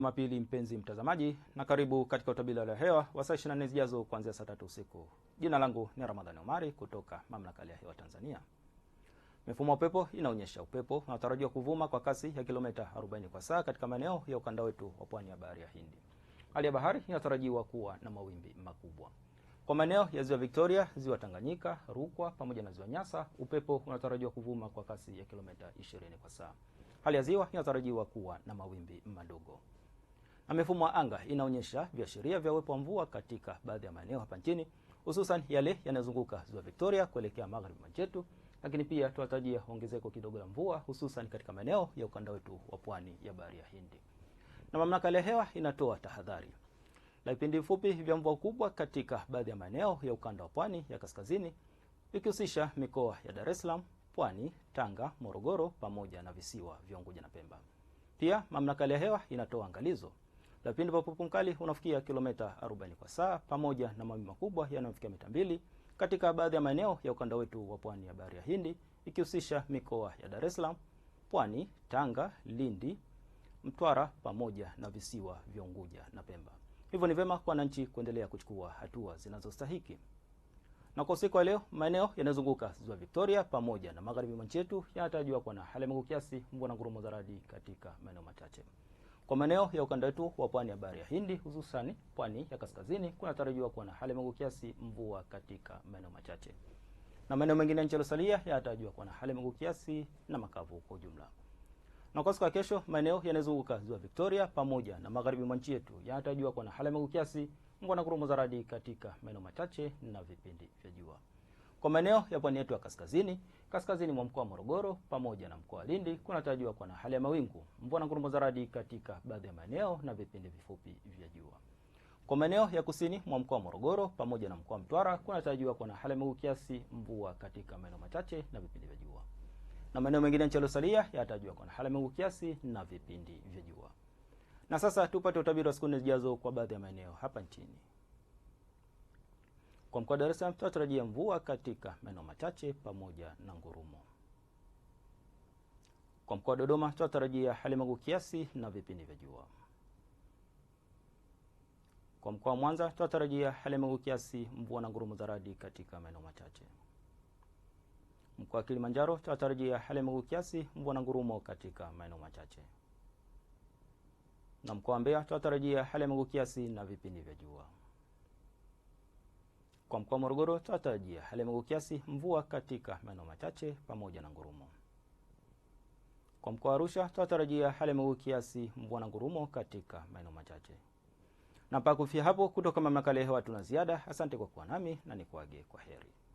Jumapili mpenzi mtazamaji, na karibu katika utabiri wa hali ya hewa wa saa 24 zijazo kuanzia saa tatu usiku. Jina langu ni Ramadhani Omari kutoka Mamlaka ya Hewa Tanzania. Mifumo ya upepo inaonyesha upepo unatarajiwa kuvuma kwa kasi ya kilomita 40 kwa saa katika maeneo ya ukanda wetu wa pwani ya bahari ya Hindi. Hali ya bahari inatarajiwa kuwa na mawimbi makubwa. Kwa maeneo ya ziwa Victoria, ziwa Tanganyika, Rukwa pamoja na ziwa Nyasa, upepo unatarajiwa kuvuma kwa kasi ya kilomita 20 kwa saa. Hali ya ziwa inatarajiwa kuwa na mawimbi madogo na mifumo ya anga inaonyesha viashiria vya uwepo wa mvua katika baadhi ya maeneo hapa nchini, hususan yale yanayozunguka ziwa Victoria kuelekea magharibi mwa nchi yetu, lakini pia tunatarajia ongezeko kidogo la mvua hususan katika maeneo ya ukanda wetu wa pwani ya bahari ya Hindi. Na mamlaka ya hewa inatoa tahadhari la vipindi vifupi vya mvua kubwa katika baadhi ya maeneo ya ukanda wa pwani ya kaskazini ikihusisha mikoa ya Dar es Salaam, Pwani, Tanga, Morogoro pamoja na visiwa vya Unguja na Pemba. Pia mamlaka ya hewa inatoa angalizo la pindi pa upepo mkali unafikia kilomita 40 kwa saa pamoja na mawimbi makubwa yanayofikia mita mbili katika baadhi ya maeneo ya ukanda wetu wa pwani ya bahari ya Hindi ikihusisha mikoa ya Dar es Salaam, Pwani, Tanga, Lindi, Mtwara pamoja na visiwa vya Unguja na Pemba. Hivyo ni vema kwa wananchi kuendelea kuchukua hatua zinazostahiki. Na kwa usiku wa leo, maeneo yanayozunguka ziwa Victoria pamoja na magharibi mwa nchi yetu yanatarajiwa kuwa na hali ya mawingu kiasi, mvua na ngurumo za radi katika maeneo machache. Kwa maeneo ya ukanda wetu wa pwani ya bahari ya Hindi hususani pwani ya kaskazini kunatarajiwa kuwa na hali ya mawingu kiasi, mvua katika maeneo machache, na maeneo mengine ya nchi yaliyosalia yanatarajiwa kuwa na hali ya mawingu kiasi na makavu kwa ujumla. Na kwa siku ya kesho, maeneo yanayozunguka ziwa Victoria pamoja na magharibi mwa nchi yetu yanatarajiwa kuwa na hali ya mawingu kiasi, mvua na ngurumo za radi katika maeneo machache na vipindi vya jua. Kwa maeneo ya pwani yetu ya kaskazini, kaskazini mwa mkoa wa Morogoro pamoja na mkoa wa Lindi kunatarajiwa kuwa na hali ya mawingu, mvua na ngurumo za radi katika baadhi ya maeneo na vipindi vifupi vya jua. Kwa maeneo ya kusini mwa mkoa wa Morogoro pamoja na mkoa wa Mtwara kunatarajiwa kuwa na hali ya mawingu kiasi, mvua katika maeneo machache na vipindi vya jua. Na maeneo mengine ya nchi yaliyosalia yanatarajiwa kuwa na hali ya mawingu kiasi na vipindi vya jua. Na sasa tupate utabiri wa siku nne zijazo kwa baadhi ya maeneo hapa nchini. Kwa mkoa wa Dar es Salaam tunatarajia mvua katika maeneo machache pamoja na ngurumo. Kwa mkoa wa Dodoma tunatarajia hali magu kiasi na vipindi vya jua. Kwa mkoa wa Mwanza tunatarajia hali magu kiasi, mvua na ngurumo za radi katika maeneo machache. Mkoa wa Kilimanjaro tunatarajia hali magu kiasi, mvua na ngurumo katika maeneo machache. Na mkoa wa Mbeya tunatarajia hali magu kiasi na vipindi vya jua. Kwa mkoa wa Morogoro tunatarajia hali ya mawingu kiasi, mvua katika maeneo machache pamoja na ngurumo. Kwa mkoa wa Arusha tunatarajia hali ya mawingu kiasi, mvua na ngurumo katika maeneo machache. Na mpaka hapo, kutoka mamlaka ya hewa tuna ziada. Asante kwa kuwa nami na nikuage kwa heri.